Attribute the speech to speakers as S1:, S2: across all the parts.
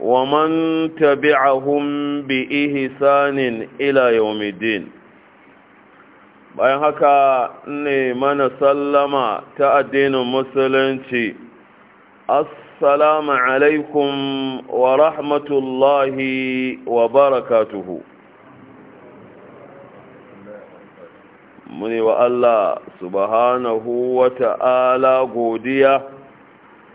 S1: ومن تبعهم بإحسان إلى يوم الدين bayan haka ne mana sallama ta addinin musulunci assalamu alaikum wa rahmatullahi wa barakatuhu muni wa Allah subhanahu wa ta'ala godiya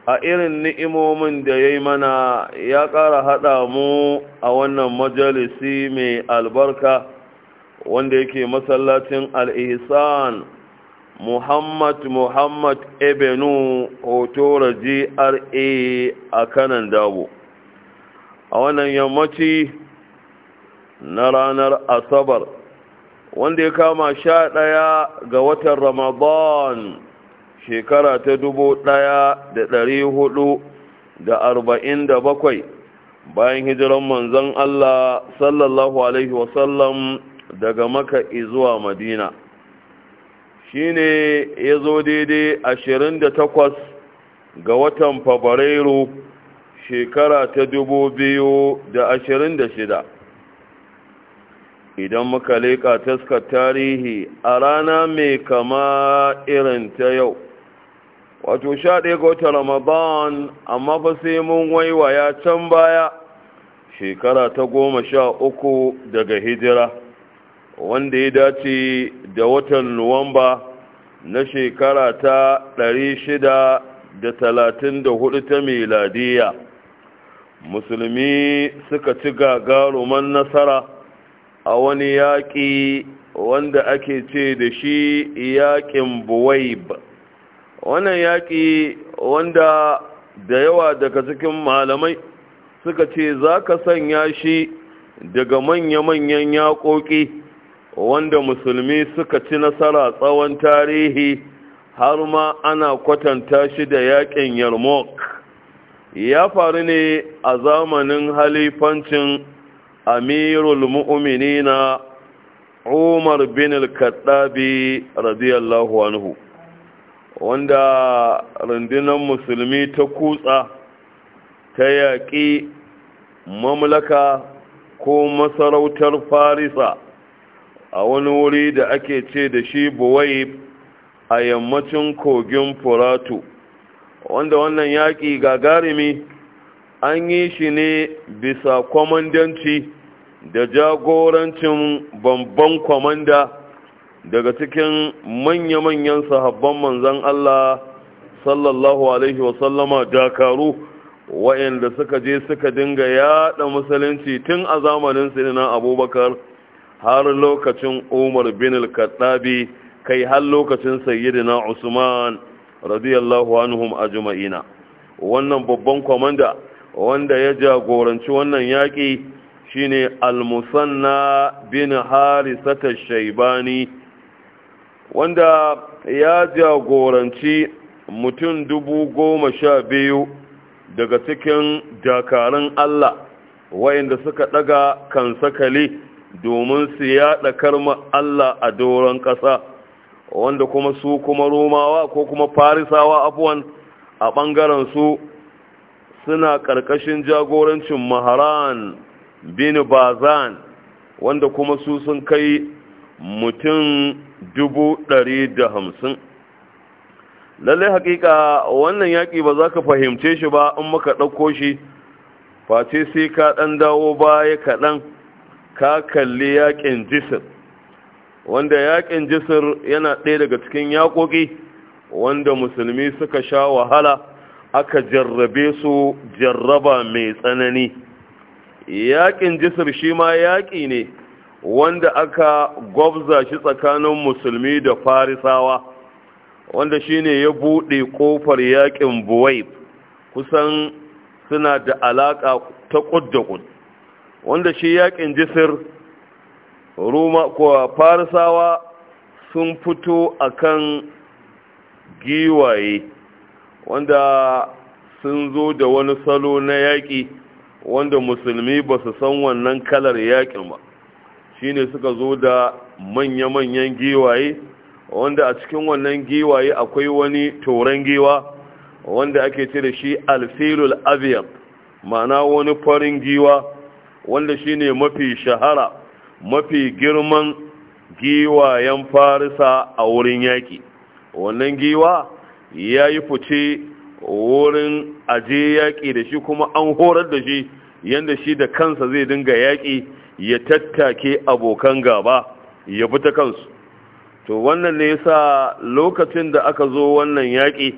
S1: a irin ni'imomin da ya mana ya ƙara haɗa mu a wannan majalisi mai albarka wanda yake masallacin al’isan muhammad muhammad ebenu hotora gra a kanan dabo a wannan yammaci na ranar asabar wanda ya kama sha ɗaya ga watan ramadan shekara ta dubu ɗaya da ɗari hudu da arba'in da bakwai bayan hijiran manzon Allah sallallahu alaihi wasallam daga maka zuwa madina shi ne ya zo daidai ashirin da takwas ga watan fabrairu shekara ta dubu biyu da ashirin da shida idan muka leƙa taskar tarihi a rana mai kama irin ta yau wato sha ɗaya ga wata ramadan amma fa sai mun waiwaya can baya shekara ta goma sha uku daga hijira wanda ya dace da watan nuwamba na shekara ta ɗari shida da talatin da hudu ta meladiya musulmi suka ci gagaruman nasara a wani yaƙi wanda ake ce da shi yaƙin buwaib wannan yaƙi wanda da yawa daga cikin malamai suka ce za ka sanya shi daga manya-manyan yaƙoƙi wanda musulmi suka ci nasara tsawon tarihi har ma ana kwatanta shi da yaƙin yarmouk ya faru ne a zamanin halifancin amirul mu'minina umar bin al kaddabi radiyallahu anhu wanda rundunar musulmi ta kutsa ta yaƙi mamlaka ko masarautar farisa a wani wuri da ake ce da shi buwai a yammacin kogin furatu wanda wannan yaƙi gagarumi an yi shi ne bisa kwamandanci da jagorancin babban kwamanda daga cikin manya-manyan sahabban manzan Allah sallallahu alaihi wasallama dakaru wa'inda suka je suka dinga yada musulunci tun a zamanin sinina abubakar har lokacin umar bin al kai har lokacin sayyidina usman radiyallahu anhum juma'ina wannan babban kwamanda wanda ya jagoranci wannan yaƙi shine al-musanna bin harisata shaibani wanda ya jagoranci mutum dubu goma sha biyu daga cikin dakarun Allah wayanda suka ɗaga kan sakali domin su yaɗa karma Allah a doron ƙasa wanda kuma su kuma romawa ko kuma farisawa abuwan a ɓangaren su suna ƙarƙashin jagorancin maharan bin bazan wanda kuma su sun kai mutum dubu ɗari da hamsin lallai hakika wannan yaƙi ba za ka fahimce shi ba in maka ɗauko shi face sai ka ɗan dawo baya kaɗan ka kalli yaƙin jisir wanda yaƙin jisir yana ɗaya daga cikin yaƙoƙi wanda musulmi suka sha wahala aka jarrabe su jarraba mai tsanani yaƙin jisir shi ma yaƙi ne wanda aka gwabza shi tsakanin musulmi da farisawa wanda shine ya buɗe ƙofar yaƙin buwaib kusan suna da alaƙa ta ƙud wanda shi yaƙin jisir ruma ko farisawa sun fito a kan giwaye wanda sun zo da wani salo na yaƙi wanda musulmi ba su san wannan kalar yaƙin ba shine suka zo da manya-manyan giwaye wanda a cikin wannan giwaye akwai wani toren giwa wanda ake ce da shi alfilul abiyab ma'ana wani farin giwa wanda shine mafi shahara mafi girman giwayen farisa a wurin yaƙi wannan giwa ya yi fice wurin aje yaƙi da shi kuma an horar da shi yadda shi da kansa zai dinga yaƙi ya tattake abokan gaba ya bi ta kansu to wannan ne yasa lokacin da aka zo wannan yaƙi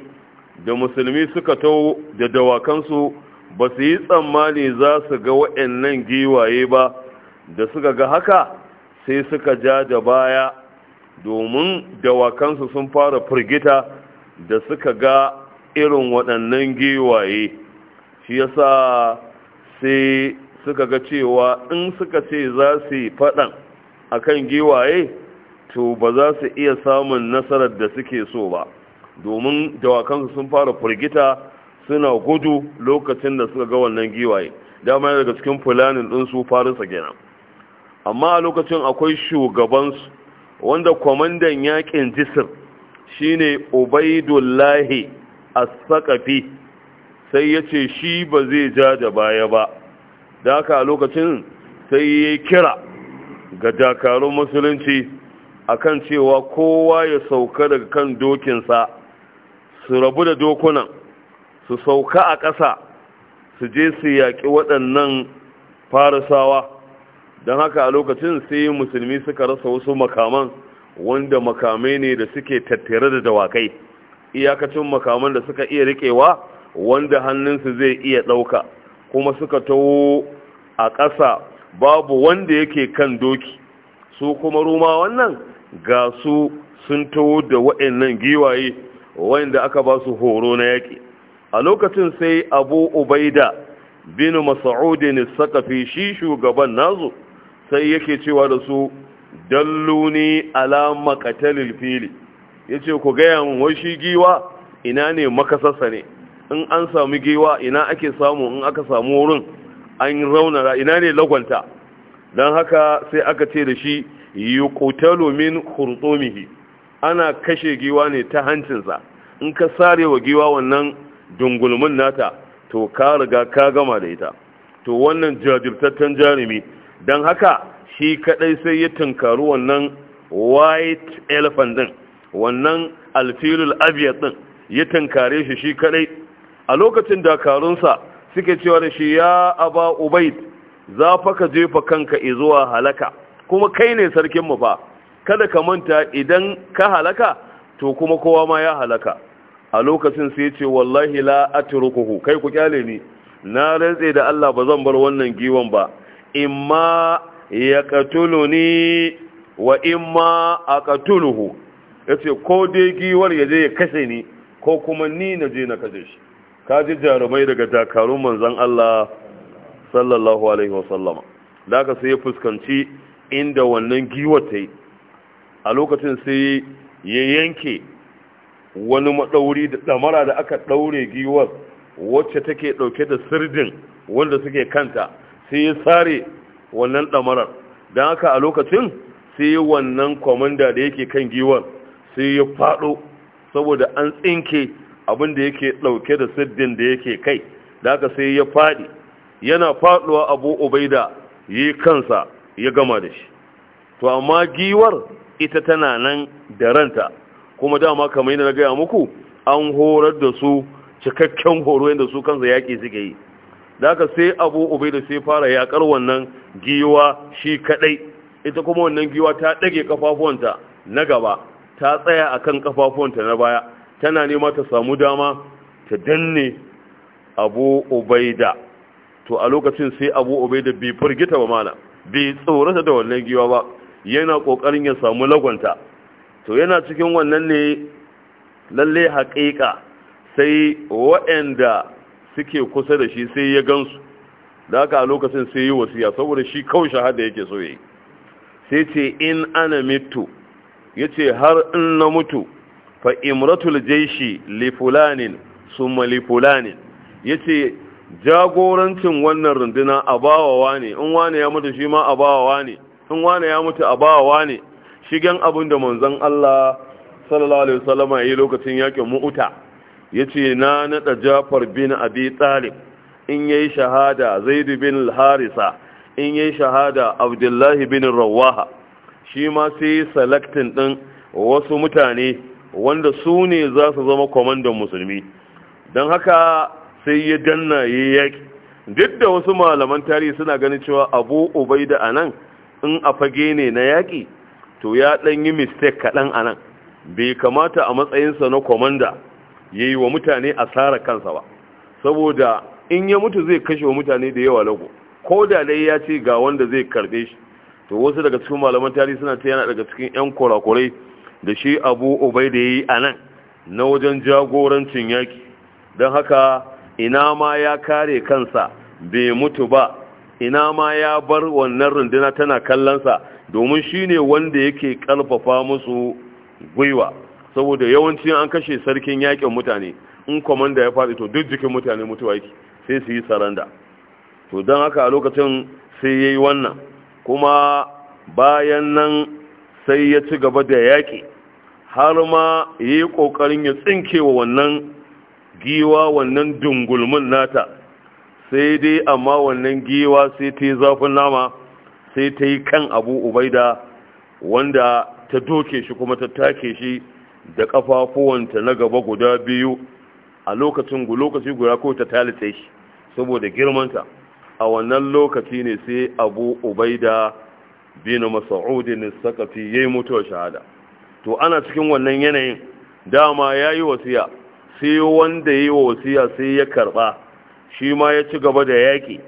S1: da musulmi suka tau da dawakansu ba su yi tsammani za su ga waɗannan giwaye ba da suka ga haka sai suka ja da baya domin dawakansu sun fara firgita da suka ga irin waɗannan giwaye shi yasa sai suka ga cewa in suka ce za su yi faɗan a kan giwaye to ba za su iya samun nasarar da suke so ba domin dawakansu sun fara firgita suna gudu lokacin da suka ga wannan giwaye dama yana daga cikin fulanin ɗinsu farisa kenan amma a lokacin akwai shugabansu wanda kwamandan yakin jisir shine ubaidullahi a saqafi sai ce shi ba zai ja da baya ba da aka a lokacin sai ya kira ga dakarun musulunci akan cewa kowa ya sauka daga kan dokinsa su rabu da dokunan su sauka a ƙasa su je su yaƙi waɗannan farisawa don haka a lokacin sai musulmi suka rasa wasu makaman wanda makamai ne da suke tattare da dawakai iyakacin makaman da suka iya riƙewa wanda hannunsu zai iya ɗauka kuma suka taho a ƙasa babu wanda yake kan doki su kuma roma wannan ga su sun taho da waɗannan giwaye wanda aka ba su horo na yaƙi a lokacin sai abu ubaida bin saka sakafi shi shugaban nazo sai yake cewa da su dalluni alama maqatalil fili yace ku gaya min wai shi giwa ina ne makasarsa ne in an samu giwa ina ake samu in aka samu wurin an raunara ina ne lagwanta don haka sai aka ce da shi yi kotalo min hurtsomihi ana kashe giwa ne ta hancinsa in ka sare wa giwa wannan dungulmin nata to ka riga ka gama da ita to wannan jajirtaccen jarumi don haka shi kadai sai ya tunkaru wannan white elephant din wannan alfilul abiyat din ya tunkare shi shi kadai a lokacin dakarunsa suke cewa da shi ya aba ubaid za fa ka jefa kanka izuwa halaka kuma kai ne sarkin mu fa kada ka manta idan ka halaka to kuma kowa ma ya halaka a lokacin sai ce wallahi la atrukuhu kai ku kyale ni na rantse da Allah ba zan bar wannan giwon ba imma katuluni wa imma aqtuluhu yace ko dai giwar ya je ya kashe ni ko kuma ni na je na kashe shi ka ji jarumai daga dakarun manzan Allah sallallahu alaihi wasallama da aka sai ya fuskanci inda wannan giwa ta yi a lokacin sai ya yanke wani maɗauri da ɗamara da aka ɗaure giwar wacce take ɗauke da sirdin wanda suke kanta sai ya sare wannan ɗamarar don haka a lokacin sai wannan kwamanda da yake kan giwar sai ya faɗo saboda an tsinke abin da yake ɗauke da siddin da yake kai da aka sai ya faɗi yana faɗuwa abu ubaida yi kansa ya gama da shi to amma giwar ita tana nan da ranta kuma dama kamar yadda na gaya muku an horar da su cikakken horo yadda su kansa yaƙi suke yi da aka sai abu ubaida sai fara yaƙar wannan giwa shi kaɗai ita kuma wannan giwa ta ɗage kafafuwanta na gaba ta tsaya akan kafafuwanta na baya tana nema ta samu dama ta danne abu ubaida to a lokacin sai abu ubaida bai firgita ba mana bai tsorata da wannan giwa ba yana kokarin ya samu lagwanta to yana cikin wannan ne lalle haƙiƙa sai waɗanda suke kusa da shi sai ya gansu da haka a lokacin sai yi wasiya saboda shi kawai shahada yake so yi sai ce in ana mitu ya ce har in na mutu fa imratul jaishi li fulanin summa li fulanin yace jagorancin wannan runduna abawawa ne in wane ya mutu shi ma abawawa ne in wane ya mutu abawawa ne shigen abin da manzon Allah sallallahu alaihi wasallam ya lokacin yakin mu'uta yace na nada Jafar bin Abi Talib in yayi shahada Zaid bin Harisa in yayi shahada Abdullah bin Rawaha shi ma sai selecting din wasu mutane wanda su ne za su zama kwamandan musulmi don haka sai ya danna ya yi yaƙi. duk da wasu malaman tarihi suna ganin cewa abu ubai da anan in a fage ne na yaƙi to ya ɗan yi mistake kaɗan anan bai kamata a matsayinsa na kwamanda ya yi wa mutane asarar kansa ba saboda in ya mutu zai kashe wa mutane da yawa lagu ko da dai ya ce ga wanda zai karɓe shi to wasu daga cikin malaman tarihi suna ta yana daga cikin 'yan kurakurai da shi abu ubai da yi a nan na wajen jagorancin yaki don haka ina ma ya kare kansa bai mutu ba ina ma ya bar wannan runduna tana kallonsa domin shi ne wanda yake ƙarfafa musu gwiwa saboda yawanci an kashe sarkin yakin mutane in kwamanda ya faɗi to duk jikin mutane mutuwa yake sai su yi saranda to don haka a lokacin sai ya yi wannan kuma bayan nan sai ya ci gaba da yaƙi har ma ya yi ƙoƙarin ya tsinke wa wannan giwa wannan dungulmin nata sai dai amma wannan giwa sai ta yi zafin nama sai ta yi kan abu ubaida wanda ta doke shi kuma ta take shi da ƙafafuwanta na gaba guda biyu a lokacin lokaci guda ko ta talice shi saboda girmanta a wannan lokaci ne sai abu ubaida bin masa'udin sakafi ya yi mutuwar shahada to ana cikin wannan yanayin dama ya yi wasiya sai wanda ya yi wasiya sai ya karba shi ma ya ci gaba da yaƙi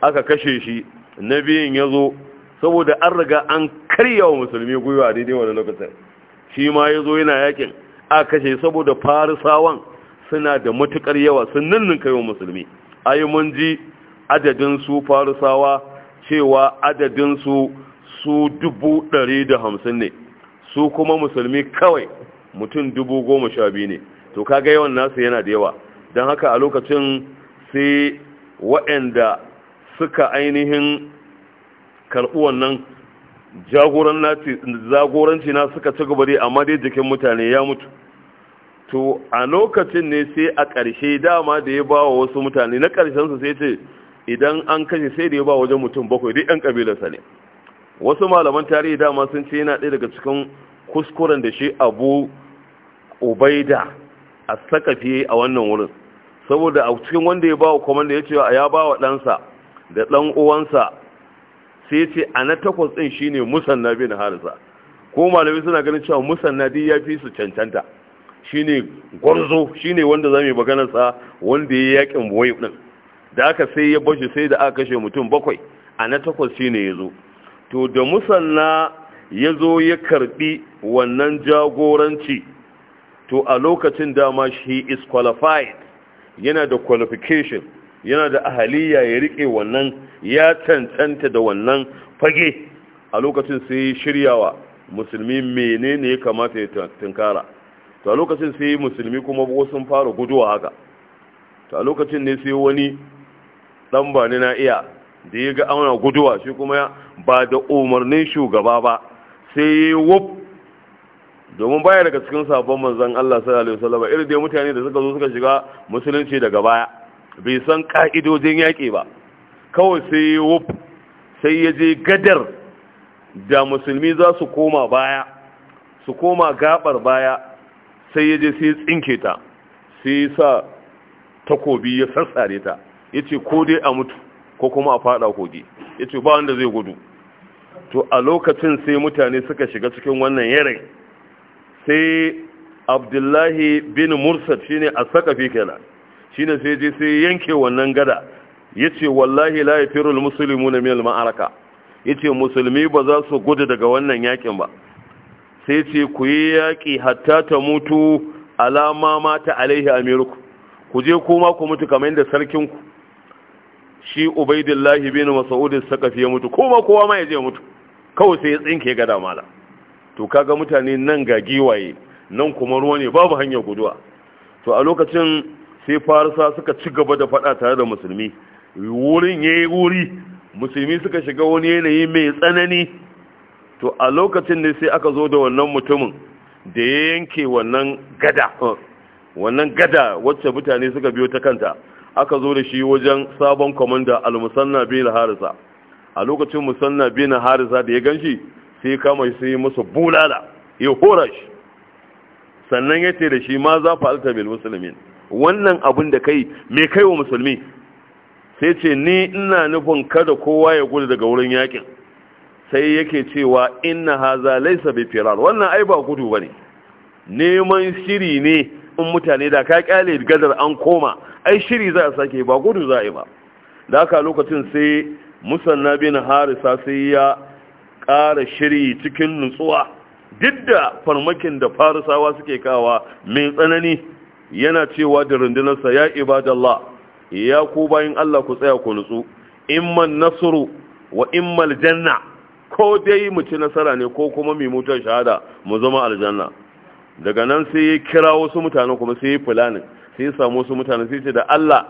S1: aka kashe shi na biyan ya zo saboda an riga an karya wa musulmi gwiwa a daidai wani lokacin shi ma ya zo yana yaƙin a kashe saboda farisawan suna da matuƙar yawa sun kai wa musulmi ai mun ji adadin su farisawa cewa adadinsu su su dubu ɗari da hamsin ne su kuma musulmi kawai mutum dubu goma sha biyu ne to kaga yawan nasu yana da yawa don haka a lokacin sai waɗanda suka ainihin karɓi wannan jagoranci na suka ci gaba dai amma dai jikin mutane ya mutu to a lokacin ne sai a ƙarshe dama da ya ba wa wasu mutane na ƙarshensu sai ce idan an kashe sai da ya ba wajen mutum bakwai duk 'yan ƙabilarsa ne wasu malaman tarihi dama sun ce yana ɗaya daga cikin kuskuren da shi abu ubaida a sakafi a wannan wurin saboda a cikin wanda ya ba wa kwamanda ya ce ya ba wa ɗansa da ɗan uwansa sai ce a na takwas ɗin shi ne musanna bin harisa ko malamai suna ganin cewa musanna dai ya fi su cancanta shi ne gwarzo shi ne wanda za mu maganarsa wanda ya yi yaƙin buwai ɗin da aka sai ya bashi sai da aka kashe mutum bakwai a na takwas shi ne ya zo to da musalla ya zo ya karbi wannan jagoranci to a lokacin dama shi is qualified yana da qualification yana da ahaliya ya rike wannan ya cancanta da wannan fage a lokacin sai shiryawa musulmi menene ya kamata ya tunkara to a lokacin sai musulmi kuma sun fara guduwa haka to a lokacin ne sai wani dan ba na iya da ya ga auna guduwa shi kuma ba da umarnin shugaba ba sai ya wuf domin baya daga cikin sabon manzan Allah sallallahu alaihi wasallam irin da mutane da suka zo suka shiga musulunci daga baya bai san ka'idojin yaƙi ba kawai sai ya wuf sai ya je gadar da musulmi za su koma baya su koma gabar baya sai ya je sai ya tsinke ta sai ya sa takobi ya sassare ta ya ce ko dai a mutu ko kuma a fada kogi Ya ce ba wanda zai gudu to a lokacin sai mutane suka shiga cikin wannan yare sai abdullahi bin mursad shine a sakafi kenan shine sai je sai yanke wannan gada Ya ce wallahi la yafirul muslimuna min mil maaraka ce musulmi ba za su gudu daga wannan yakin ba sai ce ku yi yaƙi hatta ta mutu alama mata alaihi amiruku ku je kuma ku mutu kamar yadda sarkinku shi ubaidillahi bin mas'ud as-saqafi ya mutu kuma kowa ma ya mutu kawai sai ya tsinke ga damala to kaga mutane nan ga giwaye nan kuma ruwa ne babu hanyar guduwa to a lokacin sai farisa suka ci gaba da fada tare da musulmi wurin yayi wuri musulmi suka shiga wani yanayi mai tsanani to a lokacin ne sai aka zo da wannan mutumin da ya yanke wannan gada eh, wannan gada wacce mutane suka biyo ta kanta aka zo da shi wajen sabon kwamanda al-musanna bin harisa a lokacin musanna bin harisa da ya ganshi sai kama shi sai masa bulala ya hora shi sannan ya ce da shi ma za fa'alta bil muslimin wannan abin da kai me kai wa musulmi sai ce ni ina nufin kada kowa ya gudu daga wurin yakin sai yake cewa inna haza laysa bi firar wannan ai ba gudu bane neman shiri ne mutane da ka kyale gadar an koma ai shiri za a sake ba gudu za a yi ba da haka lokacin sai musanna bin harisa sai ya ƙara shiri cikin nutsuwa duk da farmakin da farisawa suke kawa mai tsanani yana cewa da rundunarsa ya ibadallah ya ku bayan Allah ku tsaya ku nutsu imman nasru wa immal janna ko dai mu ci nasara ne ko kuma mu mutar shahada mu zama aljanna daga nan sai ya kira wasu mutane kuma sai ya fulani sai ya samu wasu mutane sai ce da Allah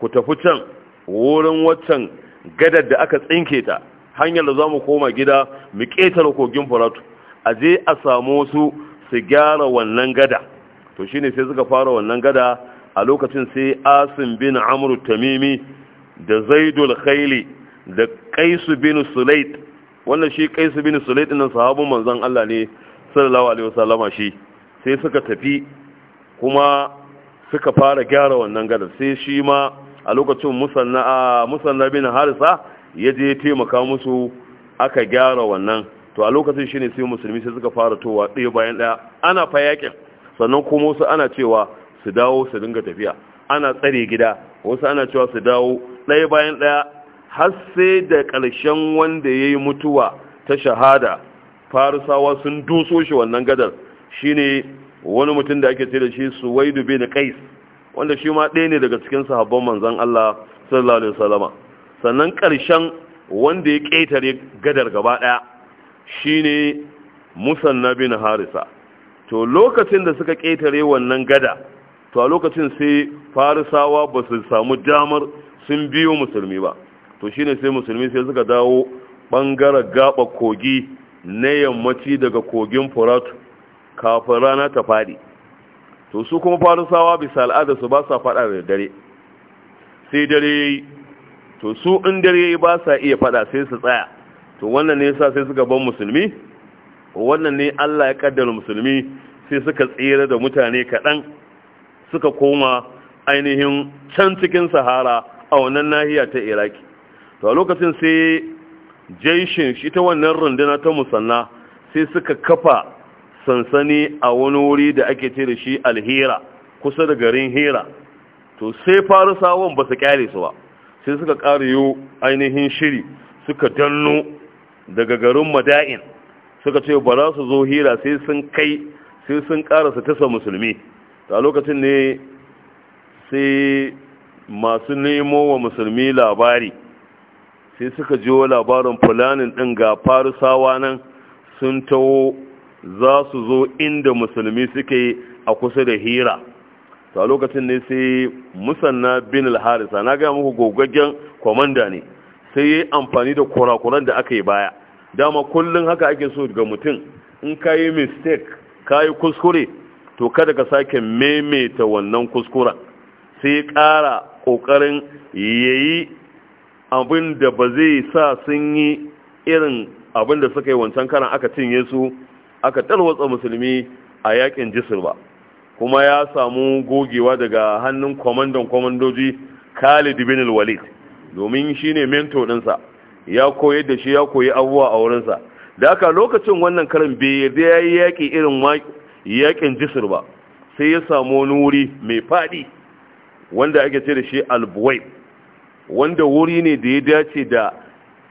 S1: ku tafi can wurin waccan gadar da aka tsinke ta hanyar da za mu koma gida mu ƙetare kogin furatu a je a samu wasu su gyara wannan gada to shine sai suka fara wannan gada a lokacin sai asim bin amru tamimi da zaidul khaili da qais bin sulait wannan shi qais bin sulait din sahabin manzon Allah ne sallallahu alaihi wasallama shi sai suka tafi kuma suka fara gyara wannan gadar sai shi ma a lokacin musanna bin harisa ya je taimaka musu aka gyara wannan to a lokacin shine sai musulmi sai suka fara towa ɗaya bayan ɗaya ana fayakin sannan kuma wasu ana cewa su dawo su dinga tafiya ana tsare gida wasu ana cewa su dawo ɗaya bayan ɗaya har sai da ƙarshen wanda ya yi mutuwa ta shahada farisawa sun duso shi wannan gadar Shi ne wani mutum da ake ce da shi suwaidu bin qais wanda shi ma ɗaya ne daga cikin sahabban manzan Allah sallallahu alaihi wasallama sannan ƙarshen wanda ya ƙetare gadar gaba ɗaya shine na bin harisa to lokacin da suka ƙetare wannan gada to a lokacin sai farisawa ba su samu damar sun biyo musulmi ba to shi ne sai musulmi sai suka dawo ɓangaren gaɓa kogi na yammaci daga kogin furatu kafin rana ta fadi to su kuma farisawa bisa al'ada su ba sa fada da dare sai dare to su in dare ba sa iya fada sai su tsaya to wannan ne yasa sai suka ban musulmi wannan ne Allah ya kaddara musulmi sai suka tsira da mutane kaɗan suka koma ainihin can cikin sahara a wannan nahiya ta iraki to a lokacin sai jaishin shi ta wannan runduna ta musanna sai suka kafa sansani a wani wuri da ake ce da shi alhira kusa da garin hira to sai farisawan ba su kyale su ba sai suka ƙariyo ainihin shiri suka danno daga garin mada'in suka ce ba za su zo hira sai sun kai sai sun ƙarasa tasa musulmi a lokacin ne sai masu nemo wa musulmi labari sai suka jiwo labarin fulanin ɗin ga farisawa nan sun taho za su zo inda musulmi suke a kusa da hira to a lokacin ne sai musanna bin al-harisa na gaya muku gogaggen komanda ne sai yayi amfani da kurakuran da aka yi baya dama kullum haka ake so ga mutum in kayi mistake kayi kuskure to kada ka sake maimaita wannan kuskuren sai ƙara ƙoƙarin yayi abin da ba zai sa sun yi irin abin da suka yi wancan karan aka cinye su aka tarwatsa musulmi a yakin jisir ba kuma ya samu gogewa daga hannun kwamandan kwamandoji khalid bin walid domin shi ne mento ɗinsa ya koyi da shi ya koyi abubuwa a wurinsa da aka lokacin wannan karin bai yarda ya yi yaƙi irin yaƙin jisir ba sai ya samu wani wuri mai faɗi wanda ake ce da shi albuwai wanda wuri ne da ya dace da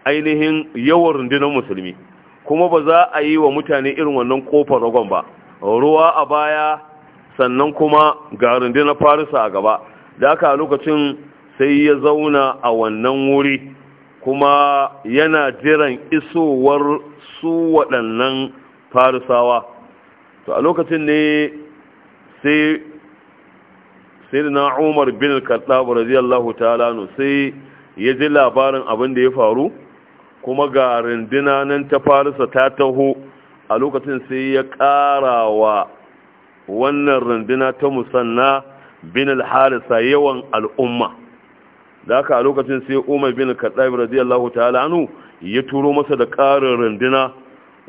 S1: ainihin yawan rundunar musulmi kuma ba za a yi wa mutane irin wannan kofar ragon ba ruwa a baya sannan kuma ga rundunar farisa a gaba da aka lokacin sai ya zauna a wannan wuri kuma yana jiran isowar su waɗannan farisawa to a lokacin ne sai sai na umar bin al radiyallahu ta'ala sai ya ji labarin abin da ya faru kuma ga rindina nan ta farisa ta taho a lokacin sai ya ƙara wannan rindina ta musanna bin al-harisa yawan al'umma da haka a lokacin sai umar bin kaɗabi radiyallahu ta'ala anu ya turo masa da ƙarin rindina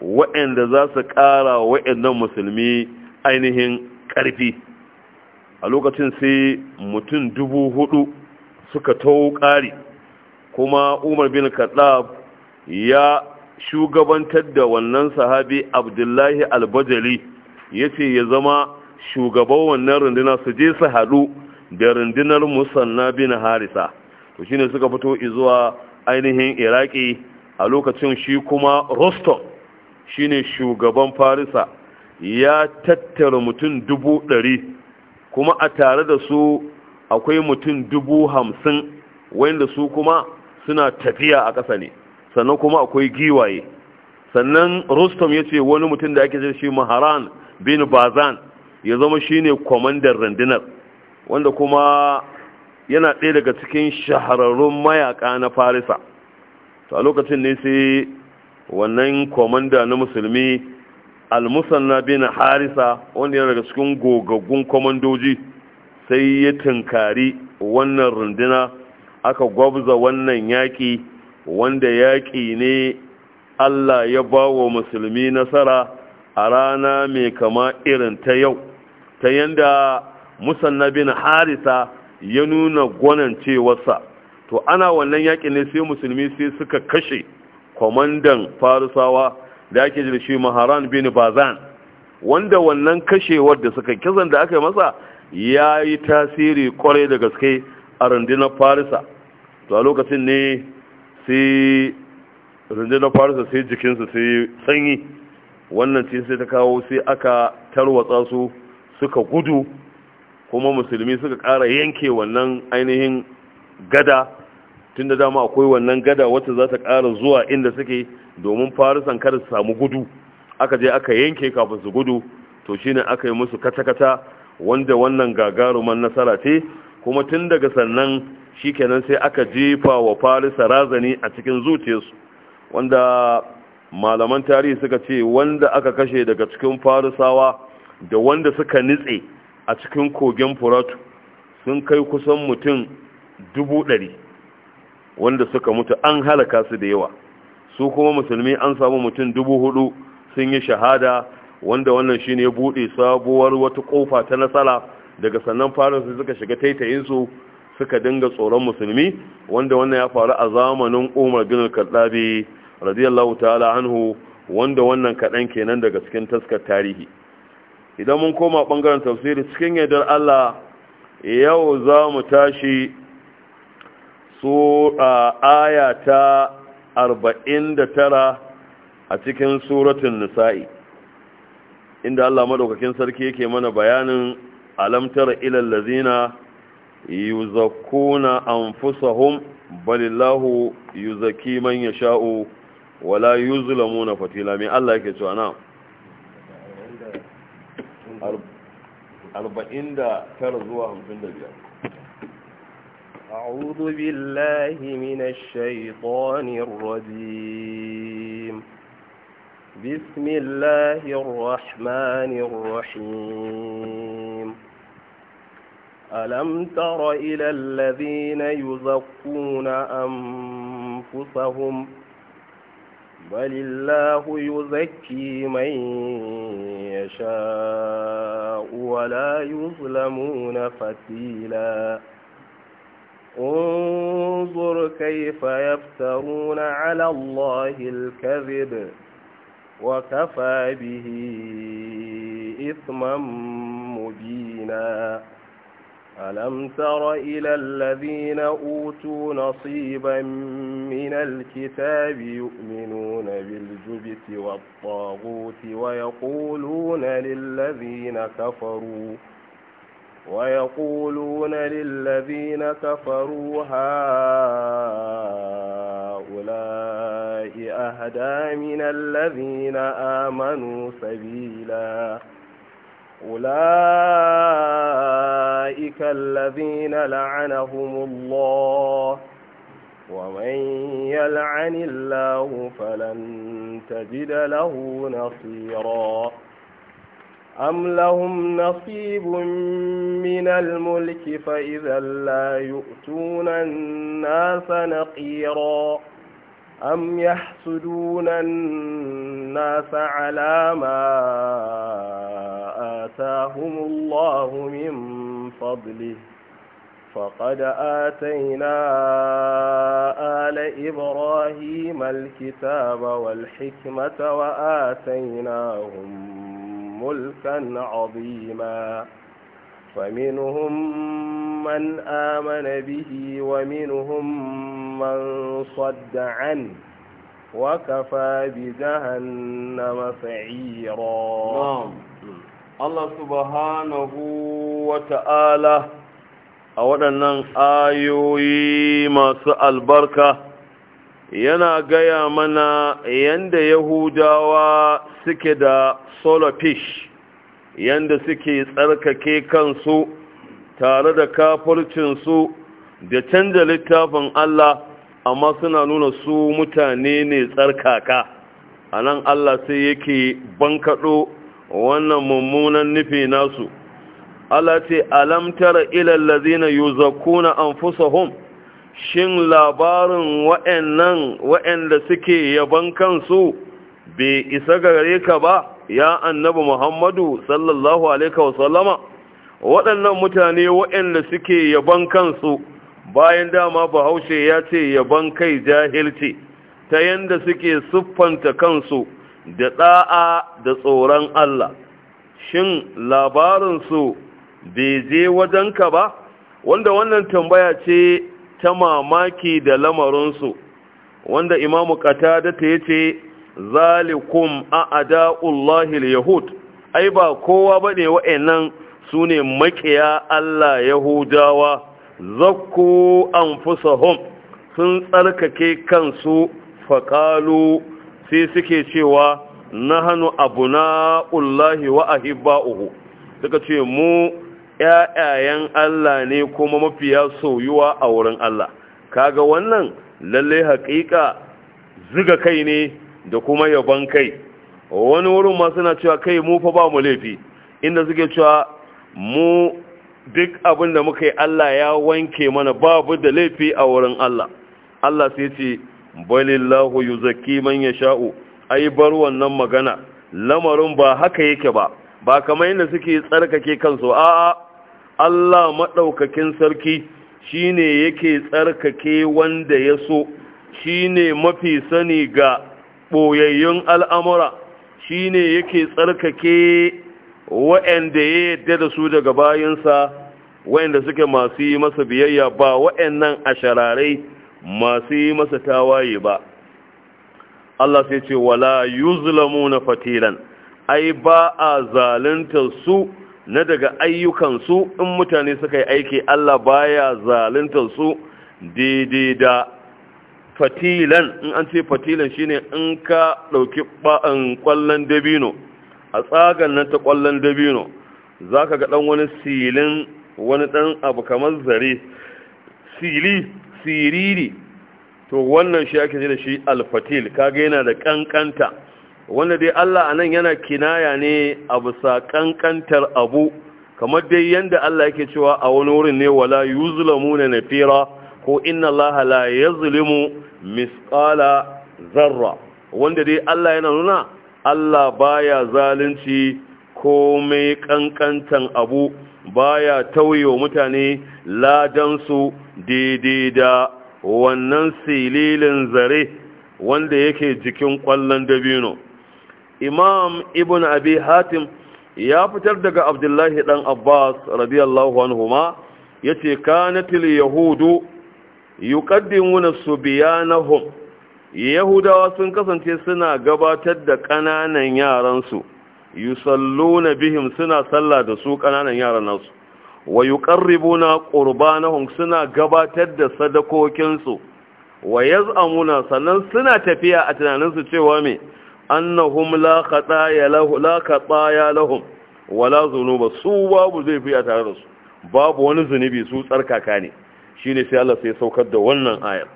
S1: waɗanda za su ƙara waɗannan musulmi ainihin ƙarfi a lokacin sai mutum dubu hudu suka tau ƙari kuma umar bin kaɗab ya shugabantar da wannan sahabi abdullahi albajali ya ce ya zama shugaban wannan runduna su je su haɗu da rundunar musanna bin harisa to shi ne suka fito zuwa ainihin iraki a lokacin shi kuma rostom ne shugaban farisa ya tattara mutum dubu ɗari kuma a tare da su akwai mutum dubu hamsin wanda su kuma suna tafiya a ƙasa ne sannan kuma akwai giwaye sannan rustam ya ce wani mutum da ake shi maharan bin bazan ya zama shi ne kwamandan rundunar wanda kuma yana ɗaya daga cikin shahararrun mayaka na farisa a lokacin ne sai wannan kwamanda na musulmi almusanna bin harisa wanda yana daga cikin gogaggun kwamandoji sai ya tunkari wannan runduna aka gwabza wannan yaƙi wanda yaƙi ne Allah ya ba wa musulmi nasara a rana mai kama irin ta yau ta yanda musannabin harisa ya nuna gwanancewarsa to ana wannan yaƙi ne sai musulmi sai suka kashe kwamandan farisawa da ake da maharan bin bazan wanda wannan kashewar da suka kizan da aka masa ya yi tasiri kwarai da gaske a rundunar farisa to a lokacin ne sai rundunar farisa sai jikinsu sai sanyi wannan ce sai ta kawo sai aka tarwatsa su suka gudu kuma musulmi suka ƙara yanke wannan ainihin gada tun da dama akwai wannan gada wacce za ta ƙara zuwa inda suke domin farisan kada su samu gudu aka je aka yanke kafin su gudu to shine aka yi musu kata-kata wanda wannan gagaruman nasara ce kuma tun daga sannan shikenan sai aka jefa wa farisa razani a cikin zuciyarsu wanda malaman tarihi suka ce wanda aka kashe daga cikin farisawa da wanda suka nitse a cikin kogin furatu sun kai kusan mutum dubu ɗari wanda suka mutu an halaka su da yawa su kuma musulmi an samu mutum dubu hudu sun yi shahada wanda wannan shi ne buɗe sabuwar wata ƙofa ta nasara daga sannan farisa suka shiga taitayinsu suka dinga tsoron musulmi wanda wannan ya faru a zamanin umar bin al-kaddabi radiyallahu ta'ala anhu wanda wannan kaɗan kenan daga cikin taskar tarihi idan mun koma ɓangaren tafsiri cikin yardar Allah yau za mu tashi su a aya ta 49 a cikin suratun nisa'i inda Allah madaukakin sarki yake mana bayanin alamtar ilal zina. yuzakkuna anfusahum balillahu yuzaki man yasha'u wala yuzlamuna fatila me Allah yake cewa na
S2: 49 zuwa 55 أعوذ بالله من الشيطان الرجيم بسم الله الرحمن الرحيم ألم تر إلى الذين يزكون أنفسهم بل الله يزكي من يشاء ولا يظلمون فتيلا انظر كيف يفترون على الله الكذب وكفى به إثما مبينا ألم تر إلى الذين أوتوا نصيبا من الكتاب يؤمنون بالجبت والطاغوت ويقولون للذين كفروا ويقولون للذين كفروا هؤلاء أهدى من الذين آمنوا سبيلاً أولئك الذين لعنهم الله ومن يلعن الله فلن تجد له نصيرا أم لهم نصيب من الملك فإذا لا يؤتون الناس نقيراً أم يحسدون الناس على ما آتاهم الله من فضله فقد آتينا آل إبراهيم الكتاب والحكمة وآتيناهم ملكا عظيماً فمنهم من آمن به ومنهم من صد عنه وكفى بجهنم سعيرا نعم الله سبحانه وتعالى a waɗannan ayoyi
S1: masu albarka yana gaya mana yanda yahudawa suke da solofish yanda suke tsarkake kansu tare da kafircinsu da canza littafin Allah amma suna nuna su mutane ne tsarkaka a nan Allah sai yake bankaɗo wannan mummunan nufi nasu Allah ce alamtara na yuzakuna fusahun shin labarin wa'annan wa'anda suke yaban kansu bai isa gare ka ba ya annabi muhammadu sallallahu alaihi wasallama waɗannan mutane waɗanda suke yaban kansu bayan dama bahaushe ya ce yaban kai jahilci ta yanda suke siffanta kansu da ɗa'a da tsoron Allah shin labarinsu bai je wajenka ba wanda wannan tambaya ce ta mamaki da lamarinsu wanda imamu ƙata da ta yace zalikum a'da'ullahi al-yahud ai ba kowa ba bane wa'annan ne makiya Allah yahudawa zakku anfusahum sun tsarkake kansu faƙalu sai suke cewa na hannu nahanu abuna'ullahi wa ahibba'uhu suka ce mu yayayan Allah ne kuma mafiya soyuwa a wurin Allah kaga wannan lalle haƙiƙa ziga kai ne da kuma yabon kai wani wurin ma suna cewa kai mu fa ba mu laifi inda suke cewa mu duk abin da muka yi Allah ya wanke mana babu da laifi a wurin Allah Allah sai ce balillahu yuzakki man yasha'u ai bar wannan magana lamarin ba haka yake ba ba kamar inda suke tsarkake kansu a'a Allah madaukakin sarki shine yake tsarkake wanda ya so shine mafi sani ga ɓoyayyun al'amura shi ne yake tsarkake wa'yanda ya yadda da su daga bayansa wa'yanda suke masu yi masa biyayya ba wa'yannan a shararai masu yi masa tawaye ba Allah sai ce wala yuzlamu na fatilan ai ba a zaluntar su na daga ayyukansu in mutane suka yi aiki Allah baya zaluntar su daidai da fatilan in an ce fatilan shine in ka ɗauki ba'an ƙwallon dabino a tsagan nan ta ƙwallon dabino za ka ga ɗan wani silin wani ɗan abu kamar zare sili siriri to wannan shi ake ce da shi alfatil kaga yana da ƙanƙanta wanda dai Allah anan yana kinaya ne a sa ƙanƙantar abu kamar dai yanda Allah yake cewa a wani wurin ne wala yuzlamuna nafira ko inna Allah la yuzlimu Misƙala zarra wanda dai Allah yana nuna Allah baya zalunci komai ƙanƙantan abu baya tauye mutane ladansu daidai da wannan sililin zare wanda yake jikin ƙwallon dabino imam ibn abi hatim ya fitar daga abdullahi Ɗan abbas radiyallahu anhuma yace kanatil yahudu yuqaddimuna subyanahum yahudawa sun kasance suna gabatar da kananan yaransu yusalluna bihim suna sallah da su kananan yaran nasu wa yuqarribuna qurbanahum suna gabatar da sadakokinsu wa yaz'amuna sannan suna tafiya a tunaninsu cewa me annahum la khataya lahu la khataya lahum wala zunuba su babu zai fi a tare da su babu wani zunubi su tsarkaka ne shine sai Allah sai saukar da wannan ayar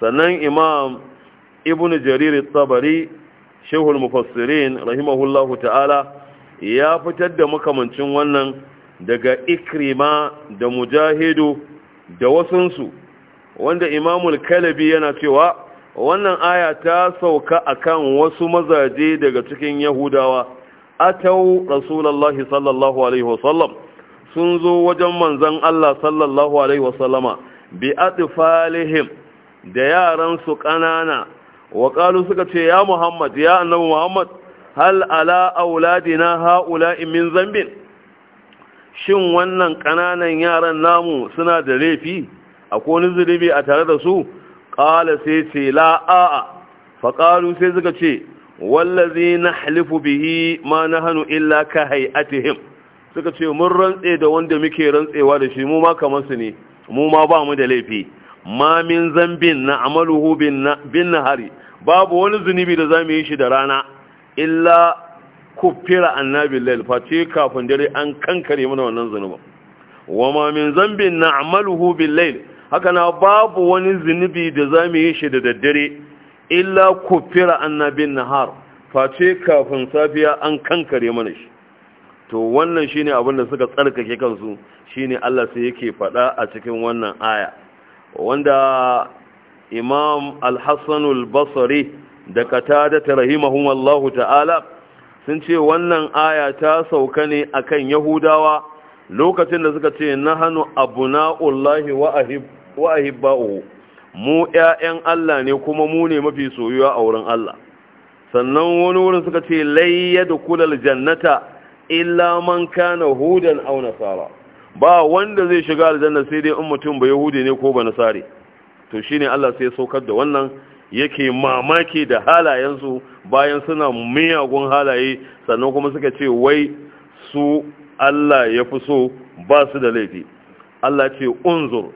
S1: sannan imam ibn jarir tabari shehul mufassirin rahimahullahu ta'ala ya fitar da makamancin wannan daga ikrima da mujahidu da wasunsu wanda imamul kalabi yana cewa wannan aya ta sauka a kan wasu mazaje daga cikin yahudawa atau Rasulallah sallallahu alaihi wasallam sun zo wajen manzon Allah sallallahu alaihi wasallama bi da yaran su kanana wa qalu suka ce ya Muhammad ya annabi Muhammad hal ala auladina haula min zambin shin wannan ƙananan yaran namu suna da laifi akwai wani zunubi a tare da su qala sai ce la a'a fa qalu sai suka ce wallazi halifu bihi ma hannu illa ka hay'atihim suka ce mun rantse da wanda muke rantsewa da shi mu ma kamar su ne mu ma ba mu da laifi ma min zambin na amaluhu bin nahari babu wani zunubi da zamu yi shi da rana illa kufira annabi lail face kafin dare an kankare mana wannan zunubin wa ma min zambin na amaluhu bin lail haka na babu wani zunubi da zamu yi shi da daddare illa kufira annabi nahar face kafin safiya an kankare mana shi to wannan shine abin da suka tsarkake kansu shine Allah sai yake faɗa a cikin wannan aya wanda imam al basari al-basri da katada Allahu ta'ala sun ce wannan aya ta sauka ne akan yahudawa lokacin da suka ce nahanu abuna'ullahi wa ahibba'u mu ƴaƴan Allah ne kuma mu ne mafi soyuwa a wurin Allah sannan wani wurin suka ce da kulal jannata illa man kana hudan aw nasara ba wanda zai shiga aljanna sai dai in mutum ba yahudi ne ko ba nasari to shine Allah sai ya saukar da wannan yake mamaki da halayensu bayan suna miyagun halaye sannan kuma suka ce wai su Allah ya fi so ba su da laifi Allah ce unzur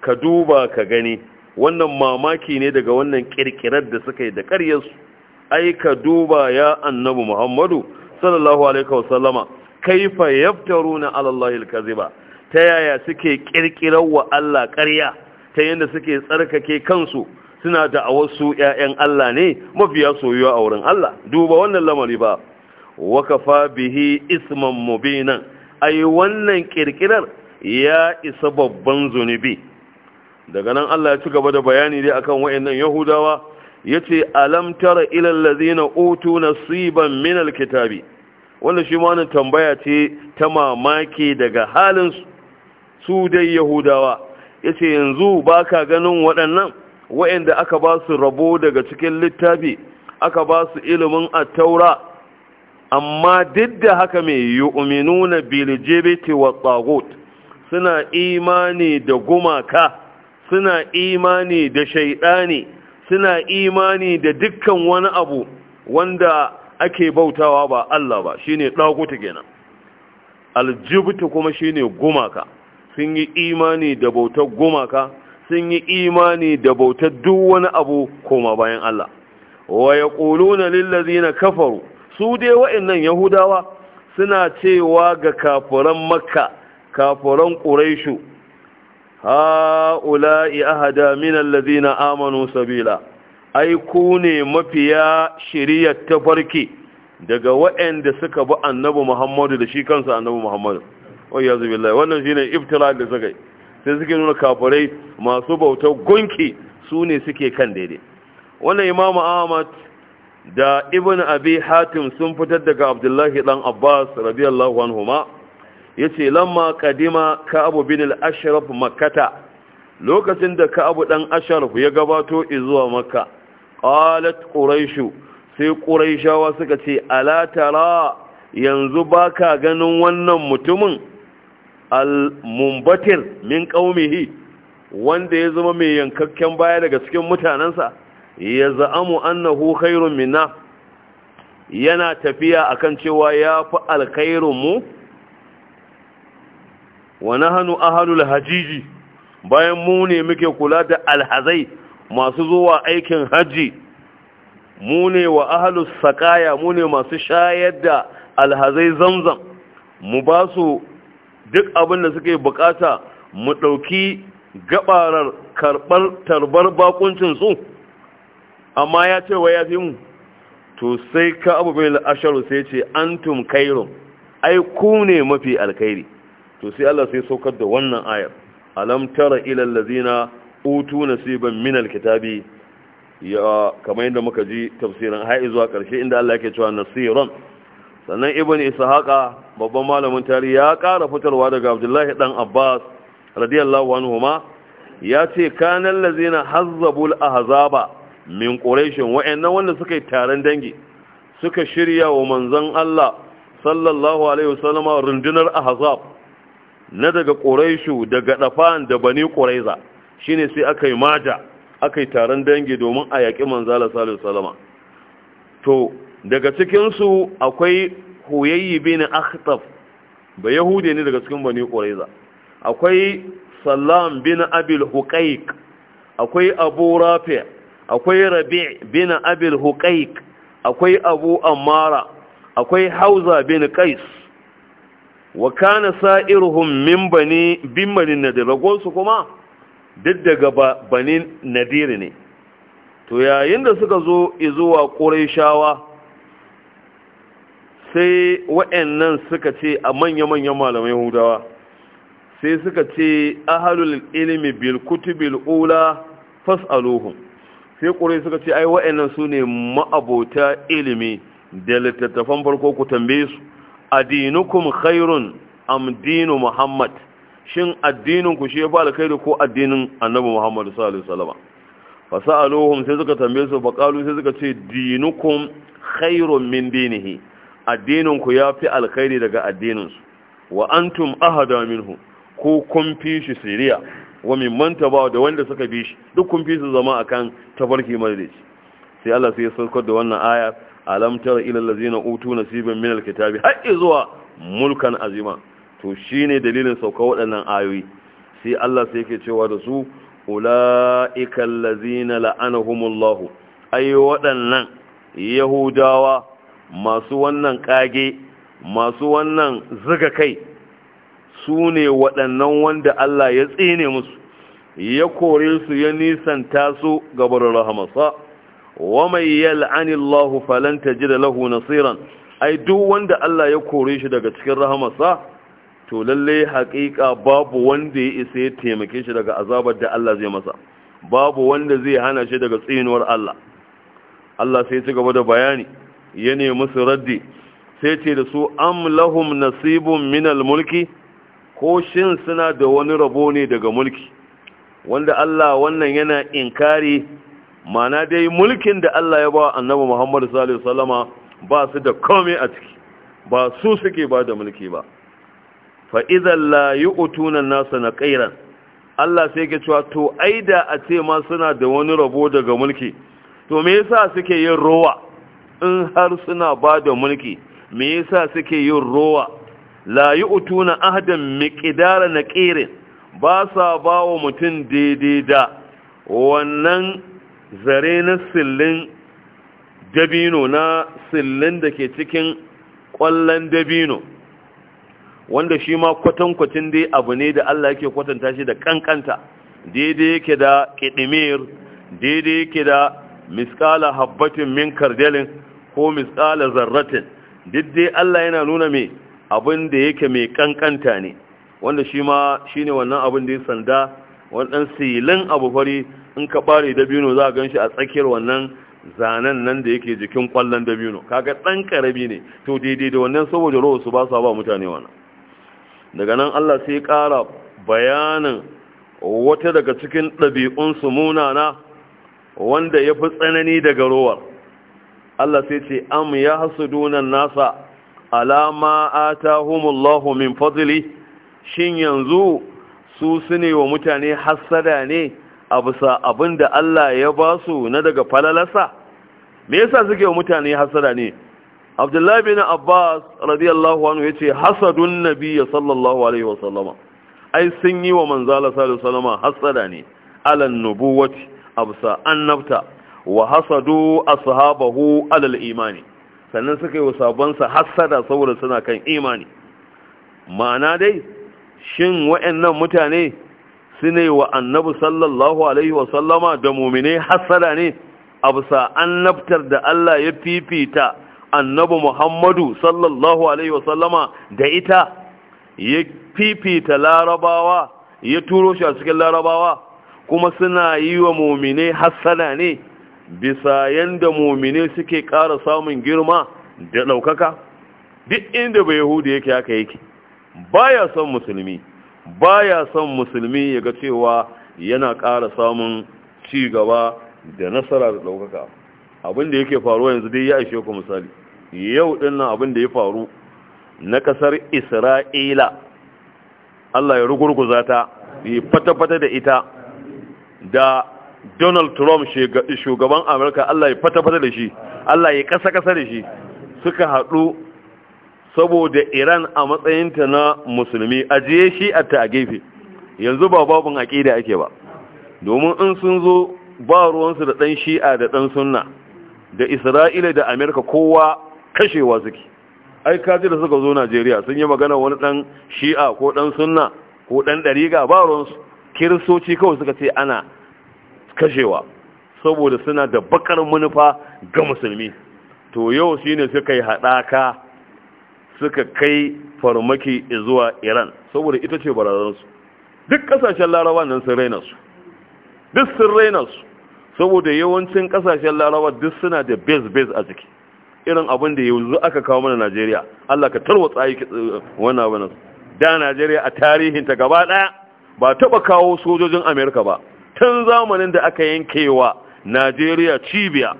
S1: ka duba ka gani wannan mamaki ne daga wannan kirkirar da suka yi da karyarsu ai ka duba ya annabi Muhammadu sallallahu alaihi wasallama kaifa yaftaruna ala allahi alkaziba ta yaya suke kirkirar wa Allah ƙarya ta yanda suke tsarkake kansu suna da wasu ƴaƴan Allah ne mafiya soyuwa a wurin Allah duba wannan lamari ba wa kafa bihi isman mubinan ai wannan kirkirar ya isa babban zunubi daga nan Allah ya ci gaba da bayani dai akan wayannan Yahudawa yace alam tara ila na utu nasiban min kitabi, wanda shi ma tambaya ce ta mamaki daga halin su dai yahudawa yace yanzu baka ganin waɗannan wa'anda aka ba su rabo daga cikin littafi aka ba su ilimin at-taura amma duk da haka me yu'minuna bil jibti wa tagut suna imani da gumaka suna imani da shaiɗani suna imani da dukkan wani abu wanda ake bautawa ba Allah ba shine dagutu kenan aljibtu kuma shine gumaka sun yi imani da bautar gumaka sun yi imani da bautar duk wani abu kuma bayan Allah wa yaquluna na kafaru su dai wa'annan yahudawa suna cewa ga kafuran makka kafiran quraishu ha'ula'i ahada min allazina amanu sabila ai ku ne mafiya shiriyar tafarki daga waɗanda suka bi annabu Muhammadu da shi kansa annabu Muhammadu wayyazu billahi wannan shi shine iftira da zagai sai suke nuna kafirai masu bautar gunki su ne suke kan daidai wannan Imam Ahmad da ibn Abi Hatim sun fitar daga Abdullahi Ɗan Abbas radiyallahu anhuma yace lamma kadima abu bin al-ashraf makkata lokacin da ka abu ɗan ashraf ya gabato zuwa makka qalat quraish sai quraishawa suka ce ala tara yanzu baka ganin wannan mutumin al-mumbatir min qaumihi wanda ya zama mai yankakken baya daga cikin mutanensa ya za'amu annahu khairun minna yana tafiya akan cewa ya fi alkhairun mu wa nahnu ahlul hajiji bayan mu ne muke kula da alhazai masu zuwa aikin haji mu ne wa ahlus sakaya mu ne masu shayar da alhazai zamzam mu ba su duk abin da suke bukata mu ɗauki gabarar karɓar tarbar bakuncinsu amma ya ce wa ya fi mu to sai ka abu bai sai ce antum kairun ai ku ne mafi alkhairi to sai Allah sai saukar da wannan ayar alam tara ila allazina utu nasiban min alkitabi ya kamar yadda muka ji tafsirin har zuwa karshe inda Allah yake cewa nasiran sannan ibn ishaqa babban malamin tarihi ya ƙara fitarwa daga abdullahi dan abbas radiyallahu ma. ya ce kanan lazina hazzabul ahzaba min quraishin wa'annan wanda suka yi taron dangi suka shirya wa manzon Allah sallallahu alaihi wasallam rundunar ahzab na daga ƙoraishu daga ɗafan da bani ƙuraiza shi ne sai aka yi maja aka yi taron dangi domin a yaƙi manzala salisu salama to daga cikinsu akwai huyayyi bin akhtaf ba yahude ne daga cikin bani ƙuraiza akwai salam bin abil huƙaik akwai abu rafi akwai rabi bin abil huƙaik akwai abu amara akwai hauza bin kais wa kana sa'iruhum min bani bin bani nadir ragonsu kuma duk daga bani nadir ne to yayin da suka zo izuwa ƙuraishawa sai wa'annan suka ce a manya-manyan malamai hudawa sai suka ce ahalul ilimi bil kutubil ula fas'aluhum sai ƙurai suka ce ai wa'annan su ne ma'abota ilimi da littattafan farko ku tambaye su adinukum khairun am dinu muhammad shin addinin ku shi ya fi alkhairi ko addinin annabi muhammad sallallahu alaihi wasallam sa'aluhum sai suka tambaye su qalu sai suka ce dinukum khairun min dinihi addinin ku yafi alkhairi daga addinin su wa antum ahada minhu ko kun fi shi siriya wa mimman taba da wanda suka bi shi duk kun fi su zama akan tabarki madalici sai Allah sai ya sarkar da wannan aya alam tara ila allazina utu nasiban min alkitabi har zuwa mulkan azima to shine dalilin sauka waɗannan ayoyi sai Allah sai yake cewa da su ulaika allazina la'anahumullahu ai waɗannan yahudawa masu wannan kage masu wannan zuga kai su ne waɗannan wanda Allah ya tsine musu ya kore su ya nisanta su gabar rahmasa wa mai yal'ani Allah ji da lahu nasiran ai duk wanda Allah ya kore shi daga cikin rahamarsa to lalle haƙiƙa babu wanda ya isa ya taimake shi daga azabar da Allah zai masa babu wanda zai hana shi daga tsinuwar Allah Allah sai ci gaba da bayani ya nemi su raddi sai ce da su am lahum nasibun minal mulki ko shin suna da wani rabo ne daga mulki wanda Allah wannan yana inkari mana dai mulkin da Allah ya ba annabi Muhammad sallallahu alaihi wasallama ba su da komai a ciki ba su suke ba da mulki ba fa idan la yu'tuna an-nasa naqiran Allah sai ke cewa to ai da a ce ma suna da wani rabo daga mulki to me yasa suke yin rowa in har suna ba da mulki me yasa suke yin rowa la yu'tuna ahdan miqdara naqirin ba sa ba wa mutum daidai da wannan zare na sillin dabino na sillin da ke cikin ƙwallon dabino wanda shi ma kwatankwacin dai abu ne da Allah yake kwatanta shi da ƙanƙanta daidai yake da ƙidimir daidai yake da miskala habbatin min kardelin ko miskala zarratin diddai Allah yana nuna mai abin da yake mai ƙanƙanta ne wanda shi ma shi ne wannan abin da ya sanda yi silin abu fari in ka bare dabino za a gan shi a tsakiyar wannan zanen nan da yake jikin kwallon dabino kaga ɗan ƙarami ne to daidai da wannan saboda ruwa su ba su ba mutane wannan daga nan Allah sai ƙara bayanin wata daga cikin su munana wanda yafi tsanani daga ruwa Allah sai ce am ya dunan nasa alama atahumullahu min fadli shin yanzu su sune wa mutane hasada ne a bisa abin da Allah ya ba su na daga falalarsa me yasa suke wa mutane hasada ne abdullahi bin abbas radiyallahu anhu yace hasadun nabiyyi sallallahu alaihi wa sallama, ai sun yi wa manzala sallallahu alaihi wasallama hasada ne alan nubuwati absa annabta wa hasadu ashabahu alal imani sannan suka yi wa sabansa hasada saboda suna kan imani ma'ana dai shin waɗannan mutane sune wa annabi sallallahu alaihi wa sallama da mu'mine hasara ne a bisa annabtar da Allah ya fifita annabi Muhammadu sallallahu alaihi wa sallama da ita ya fifita larabawa ya turo shi a cikin larabawa kuma suna yi wa mu'mine hasara ne bisa yanda mu'mine suke ƙara samun girma da ɗaukaka duk inda bai yahudi yake haka yake baya son musulmi baya son musulmi ya ga cewa yana ƙara samun ci gaba da nasara da ɗaukaka abin da yake faruwa yanzu dai ya ishe ku misali yau dinnan abinda abin da ya faru na ƙasar isra'ila allah ya rugurguza ta ya fata-fata da ita da donald trump shugaban amurka allah ya fata-fata da shi allah ya ƙasa-ƙasa da shi suka haɗu saboda iran a matsayinta na musulmi ajiye shi a ta gefe yanzu ba babin aƙida ake ba domin in sun zo ba ruwansu da ɗan shi'a da ɗan sunna da isra'ila da amerika kowa kashewa suke ai kaji da suka zo najeriya sun yi magana wani ɗan shi'a ko ɗan sunna ko ɗan ɗariga ba ruwansu kiristoci kawai suka ce ana kashewa saboda suna da bakar manufa ga musulmi to yau shine suka yi haɗaka suka kai farmaki zuwa iran saboda ita ce barazansu duk kasashen larawa nan sun raina su duk sun raina su saboda yawancin kasashen larawa duk suna da base base a ciki irin abin da yanzu aka kawo mana najeriya allah ka tarwatsa yi uh, wannan abin da najeriya a tarihinta gaba daya ba taba kawo sojojin amerika ba tun zamanin da aka yankewa najeriya cibiya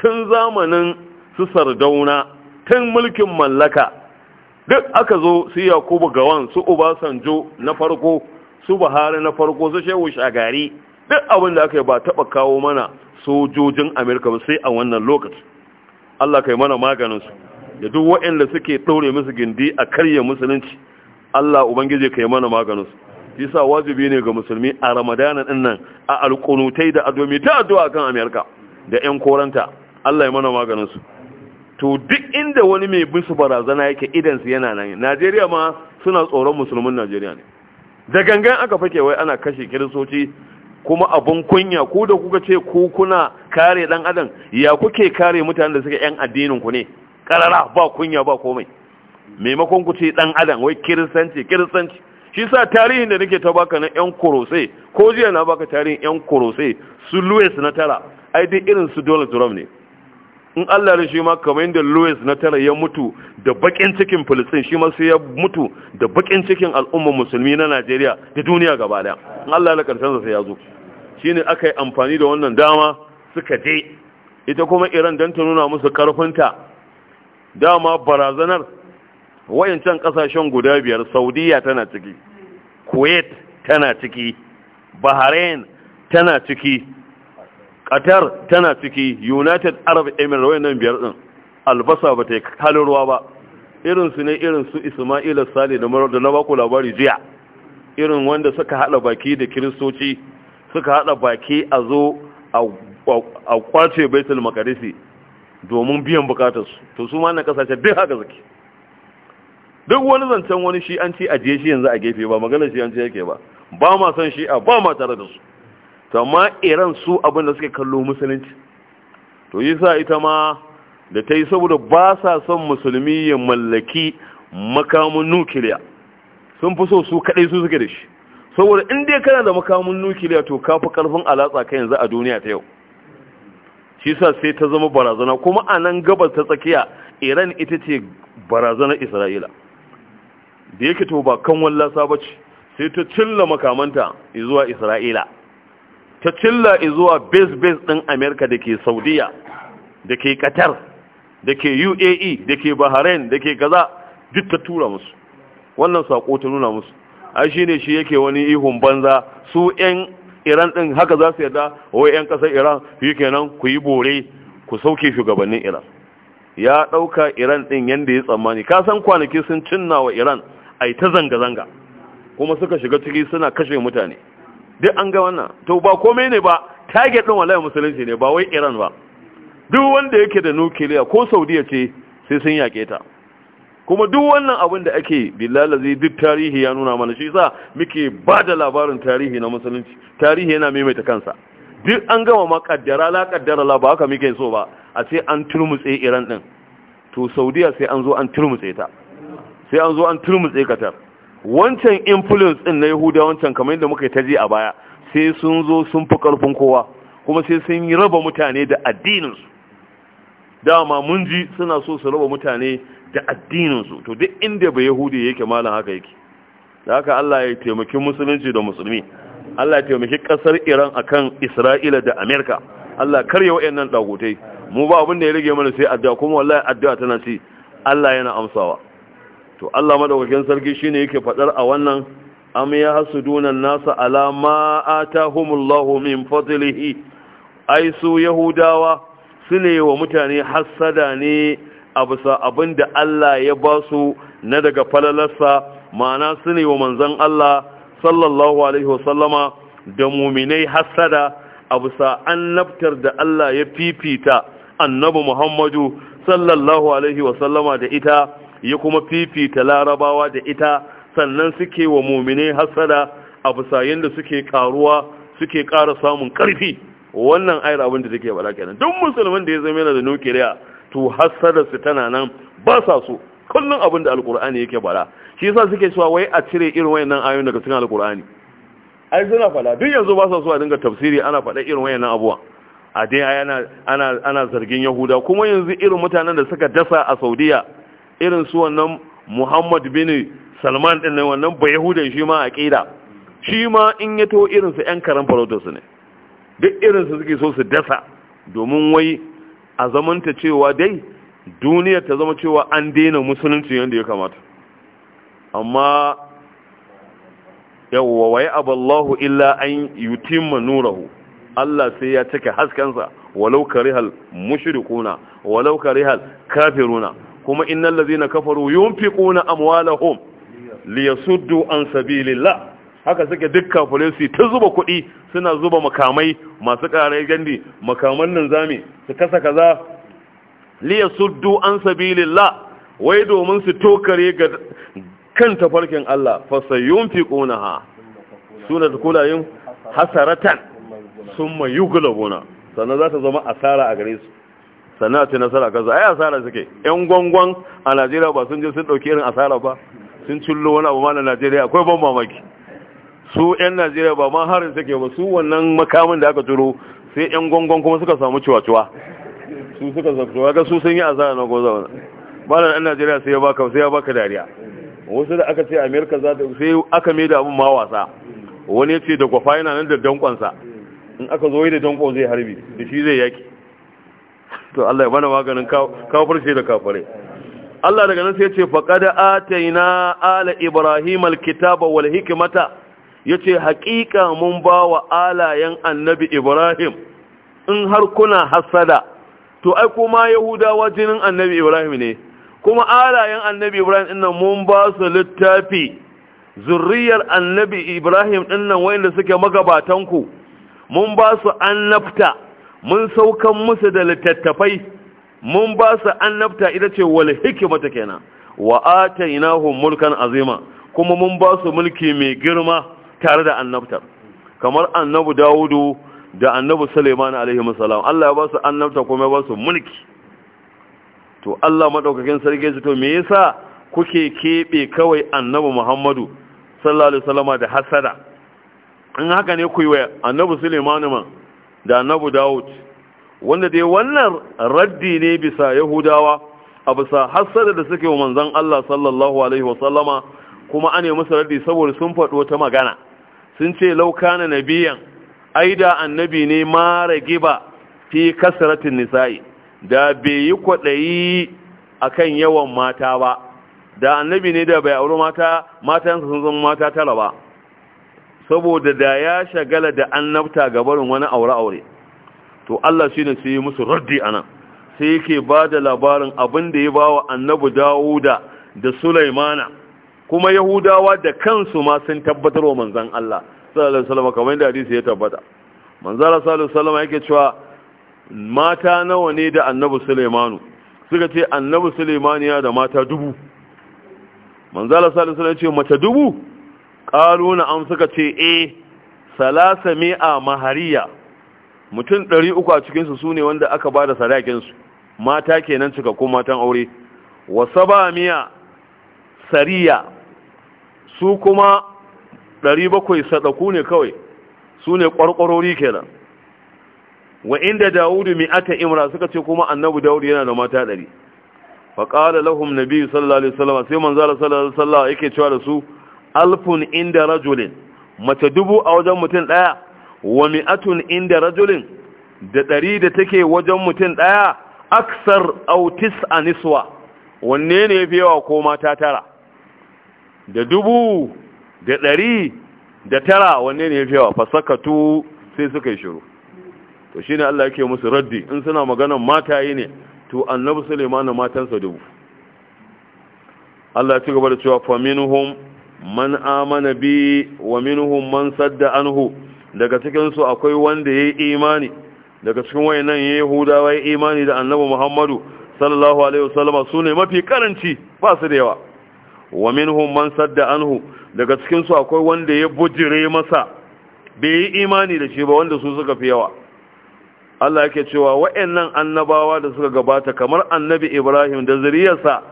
S1: tun zamanin su sardauna tun mulkin mallaka duk aka zo su yakubu gawan su uba sanjo na farko su buhari na farko su shehu shagari duk abin da aka yi ba taba kawo mana sojojin amerika ba sai a wannan lokaci allah kai mana maganinsu da duk waɗanda suke ɗaure musu gindi a karya musulunci allah ubangiji kai mana maganinsu sa wajibi ne ga musulmi a ramadana din nan a alƙunutai da adomi ta addu'a kan amerika da 'yan koranta allah ya mana maganinsu to duk inda wani mai bisu barazana yake idansu yana nan najeriya ma suna tsoron musulmin najeriya ne da gangan aka fake wai ana kashe kirisoci kuma abun kunya ko da kuka ce ko kuna kare dan adam ya kuke kare mutanen da suka yan addinin ku ne karara ba kunya ba komai maimakon ku ce dan adam wai kiristanci kiristanci shi sa tarihin da nake ta baka na yan kurose ko jiya na baka tarihin yan kurose su louis na tara ai duk irin su Donald Trump ne in Allah ne shi ma kamar yadda Louis na tara ya mutu da bakin cikin Filistin shi ma sai ya mutu da bakin cikin al'ummar musulmi na Najeriya da duniya gaba daya in Allah ya karshen sai ya zo shine aka yi amfani da wannan dama suka je ita kuma Iran dan ta nuna musu karfinta dama barazanar wayancan kasashen guda biyar Saudiya tana ciki Kuwait tana ciki Bahrain tana ciki qatar tana ciki united arab emirates wayannan biyar din albasa ba ta yi kalin ruwa ba irin su ne irin su isma'ila sale da da na baku labari jiya irin wanda suka hada baki da kiristoci suka hada baki a zo a kwace baitul makarisi domin biyan su to su ma na kasashe duk haka suke duk wani zancen wani shi an ci a shi yanzu a gefe ba maganar shi an ci yake ba ba ma son shi a ba ma tare da su to amma iran su abin da suke kallo musulunci to yi sa ita ma da ta yi saboda ba sa son musulmi ya mallaki makamun nukiliya sun fi so su kaɗai su suke da shi saboda in dai kana da makamun nukiliya to ka fi ƙarfin alatsa ka yanzu a duniya ta yau shi sa sai ta zama barazana kuma a nan gabas ta tsakiya iran ita ce barazanar isra'ila da yake to ba kan wallasa ba ce sai ta cilla makamanta zuwa isra'ila ta cilla zuwa base base ɗin amerika da ke saudiya da ke qatar da ke uae da ke bahrain da ke Gaza duk ta tura musu wannan saƙo ta nuna musu ai ne shi yake wani ihun banza su yan iran ɗin haka za su yarda wai yan ƙasar iran yi kenan ku yi bore ku sauke shugabannin iran ya ɗauka iran ɗin yadda ya tsammani ka san kwanaki sun cinna wa iran a ta zanga-zanga kuma suka shiga ciki suna kashe mutane duk an ga wannan to ba komai ne ba target din wallahi musulunci ne ba wai Iran ba duk wanda yake da nukiliya ko Saudiya ce sai sun yake ta kuma duk wannan abin da ake billahi duk tarihi ya nuna mana shi yasa muke ba da labarin tarihi na musulunci tarihi yana maimaita kansa duk an gama ma kaddara la kaddara la ba haka muke so ba a ce an turmutse Iran din to Saudiya sai an zo an turmutse ta sai an zo an turmutse Qatar wancan influence din na yahuda wancan kamar yadda muka ta ji a baya sai sun zo sun fi karfin kowa kuma sai sun yi raba mutane da addininsu dama mun ji suna so su raba mutane da addininsu to duk inda ba yahudi yake malam haka yake da haka Allah ya taimaki musulunci da musulmi Allah ya taimaki kasar Iran akan Isra'ila da Amerika Allah karya wayannan dagotai mu ba abin da ya rage mana sai addu'a kuma wallahi addu'a tana ci Allah yana amsawa to Allah madaukakin sarki shine yake fadar a wannan am ya hasuduna nasa ala ma atahumullahu min fadlihi ai su yahudawa sune wa mutane hassada ne a bisa abinda Allah ya ba su na daga falalarsa ma'ana sune wa manzon Allah sallallahu alaihi wasallama da muminai hasada a bisa annabtar da Allah ya fifita annabi Muhammadu sallallahu alaihi wasallama da ita ya kuma fifita larabawa da ita sannan suke wa mumine hasada a fusayen da suke karuwa suke ƙara samun karfi wannan ayar abin da take bala kenan duk musulmin da ya zama yana da nukiliya to hasada su tana nan ba sa so kullun abin da alqur'ani yake bala shi yasa suke cewa wai a cire irin wayannan ayoyin daga cikin alqur'ani ai suna fada duk yanzu ba sa so a dinga tafsiri ana fada irin wayannan abuwa a dai ana ana ana zargin yahuda kuma yanzu irin mutanen da suka dasa a saudiya irin su wannan muhammad bin salman din nan wannan ba yahudan shi ma aqida shi ma in ya to irin su yan karan farautar su ne duk irin su suke so su dasa domin wai a zamanta cewa dai duniyar ta zama cewa an daina musulunci yadda ya kamata amma yawwa waye aballahu illa an yutimma nurahu Allah sai ya cika haskensa walau karihal mushrikuna walau karihal kafiruna kuma innal ladzina kafaru yunfiquna amwalahum liyasuddu an sabilillah haka suke duk kafirai ta zuba kuɗi suna zuba makamai masu ƙarai gandi makaman nan zami su kasa kaza liyasuddu an sabilillah wai domin su tokare ga kan tafarkin Allah fasayunfiqunaha suna kulayin hasaratan summa yuglabuna sannan za ta zama asara a gare su sannan ce nasara kaza ai asara suke yan gwangwan a najeriya ba sun je sun ɗauki irin asara ba sun cillo wani abu ma na najeriya akwai ban mamaki su yan najeriya ba ma harin suke ba su wannan makamin da aka turo sai yan gwangwan kuma suka samu ciwa-ciwa su suka zafi ga su sun yi asara na goza wani ba da yan najeriya sai ya baka sai ya baka dariya wasu da aka ce amerika za ta sai aka mai da abin ma wasa wani ya ce da kwafa yana nan da dankonsa in aka zo yi da dankon zai harbi da shi zai yaki to Allah ya bana maganin kafirce da kafirai Allah daga nan sai ya ce faqad atayna ala ibrahim alkitaba wal hikmata yace hakika mun ba wa alayan annabi ibrahim in har kuna hasada to ai kuma yahudawa jinin annabi ibrahim ne kuma alayan annabi ibrahim dinnan mun ba su littafi zurriyar annabi ibrahim dinnan wanda suke magabatan ku mun ba su annabta mun saukan musu da littattafai mun ba su annabta ita ce wal ta kenan wa atainahum mulkan azima kuma mun ba su mulki mai girma tare da annabta kamar annabu dawudu da annabu suleiman alaihi salam Allah ya ba su annabta kuma ya ba su mulki to Allah madaukakin sarki ya to me yasa kuke kebe kawai annabu Muhammadu sallallahu alaihi wasallama da hasada in haka ne ku yi wa annabi Suleiman ma da nabu dawud wanda dai wannan raddi ne bisa yahudawa a bisa hassada da suke wa manzon Allah sallallahu alaihi wasallama kuma ane musu raddi saboda sun faɗo ta magana sun ce laukana nabiyan da annabi ne mara giba fi kasratin nisa'i da bai yi kwaɗayi akan yawan mata ba da annabi ne da bai auri mata matansa sun zama mata tara ba saboda da ya shagala da annabta ga barin wani aure-aure to Allah shine sai ya musu raddi anan sai yake ba da labarin abin da ya ba wa annabi Dawuda da Sulaimana kuma Yahudawa da kansu ma sun tabbatar wa manzon Allah sallallahu alaihi wasallam kamar da hadisi ya tabbata manzon Allah sallallahu alaihi wasallam yake cewa mata nawa ne da annabi Sulaimanu suka ce annabi Sulaimani ya da mata dubu manzon Allah sallallahu alaihi wasallam ya ce mata dubu ƙaru na an suka ce e salasa mi'a mahariya mutum ɗari uku a cikinsu su ne wanda aka ba da sadakinsu mata ke nan cika ko matan aure wasa ba miya sariya su kuma ɗari bakwai sadaku ne kawai su ne ƙwarƙwarori kenan wa inda dawudu aka imra suka ce kuma annabi dawudu yana da mata ɗari faƙala lahum nabi sallallahu alaihi wasallam sai manzara sallallahu alaihi wasallam yake cewa da su alfun inda rajulin mace dubu a wajen mutum ɗaya wa mi'atun inda rajulin da ɗari da take wajen mutum ɗaya aksar autis a niswa wanne ne fi yawa ko mata tara da dubu da ɗari da tara wanne ne fi yawa fasakatu sai suka yi shiru to shine Allah yake musu raddi in suna maganan yi ne to annabi Sulaiman matansa dubu Allah ya ci gaba da cewa faminhum man amana bi wa minhum man sadda anhu daga cikin su akwai wanda yayi imani daga cikin wayannan yahudawa wai imani da annabi Muhammadu sallallahu alaihi wasallam sune mafi karanci ba su da yawa wa minhum man sadda anhu daga cikin su akwai wanda ya bujire masa bai yi imani da shi ba wanda su suka fi yawa Allah yake cewa wayannan annabawa da suka gabata kamar annabi Ibrahim da zuriyarsa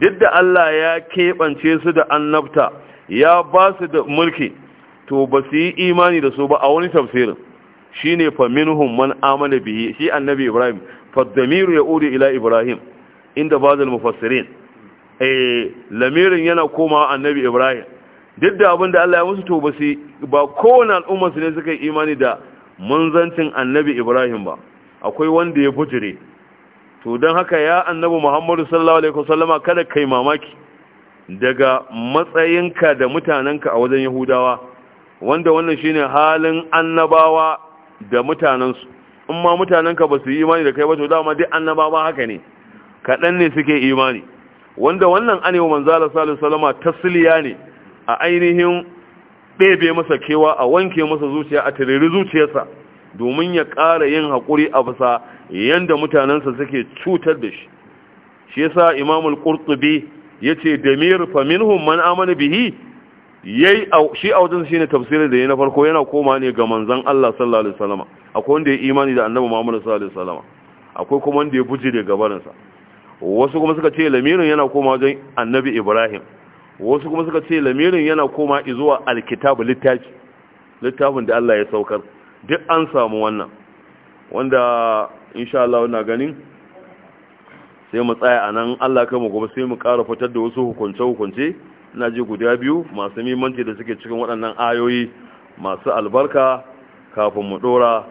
S1: duk da Allah ya keɓance su da annabta ya ba su da mulki to ba su yi imani da su ba a wani tafsirin ne fa minhum man amana bihi shi annabi ibrahim fa damiru yaudu ila ibrahim inda ba al mufassirin eh lamirin yana koma annabi ibrahim duk da abin da Allah ya musu to ba su ba kowane al'umma su ne suka yi imani da manzancin annabi ibrahim ba akwai wanda ya bujire to don haka ya annabi muhammadu sallallahu alaihi wasallama kada kai mamaki daga matsayinka da mutanenka a wajen yahudawa wanda wannan shine halin annabawa da mutanensu in ma mutanenka ba su yi imani da kai ba to dama duk annabawa haka ne kaɗan ne suke imani wanda wannan anewa manzala salisu salama tasliya ne a ainihin ɗebe masa kewa a wanke masa zuciya a tiriri zuciyarsa domin ya ƙara yin haƙuri a bisa yadda mutanensa suke cutar da shi shi yasa imamul qurtubi yace damir fa minhum man amana bihi yayi shi a wajen shine tafsirin da yayi na farko yana koma ne ga manzon Allah sallallahu alaihi wasallama akwai wanda ya imani da annabi Muhammad sallallahu alaihi wasallama akwai kuma wanda ya buje daga barinsa wasu kuma suka ce lamirin yana koma ga annabi Ibrahim wasu kuma suka ce lamirin yana koma zuwa alkitabu littafi littafin da Allah ya saukar duk an samu wannan wanda insha Allah na ganin sai mu tsaya a nan Allah mu gobe sai mu ƙara fitar da wasu hukunce-hukunce na ji guda biyu masu mimanci da suke cikin waɗannan ayoyi masu albarka kafin mu ɗora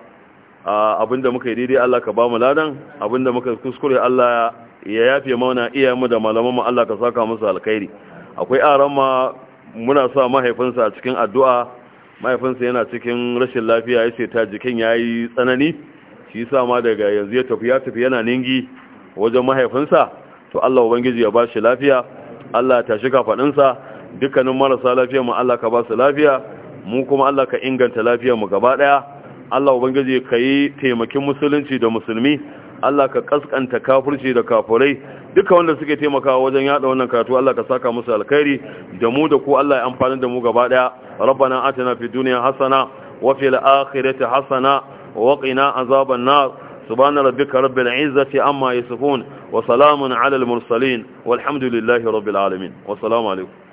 S1: abinda muka yi daidai Allah ka ba mu ladan abinda muka kuskure Allah ya yafe mana iyayenmu da malamanmu Allah ka saka musu alkhairi akwai aran ma muna sa mahaifinsa a cikin addu'a mahaifinsa yana cikin rashin lafiya ya ce ta jikin ya yi tsanani shi sa ma daga yanzu ya tafi ya tafi yana ningi wajen mahaifinsa to Allah ubangiji ya shi lafiya Allah ya tashi kafaɗinsa dukkanin marasa lafiya mu Allah ka ba su lafiya mu kuma Allah ka inganta lafiyar mu gaba ɗaya Allah ubangiji ka yi taimakin musulunci da musulmi Allah ka kaskanta kafirci da kafurai duka wanda suke taimakawa wajen yada wannan karatu Allah ka saka musu alkhairi da mu da ku Allah ya amfana da mu gaba daya rabbana atina fid duniya hasana wa fil akhirati hasana wa qina azaban nar سبحان ربك رب العزة عما يصفون وسلام على المرسلين والحمد لله رب العالمين والسلام عليكم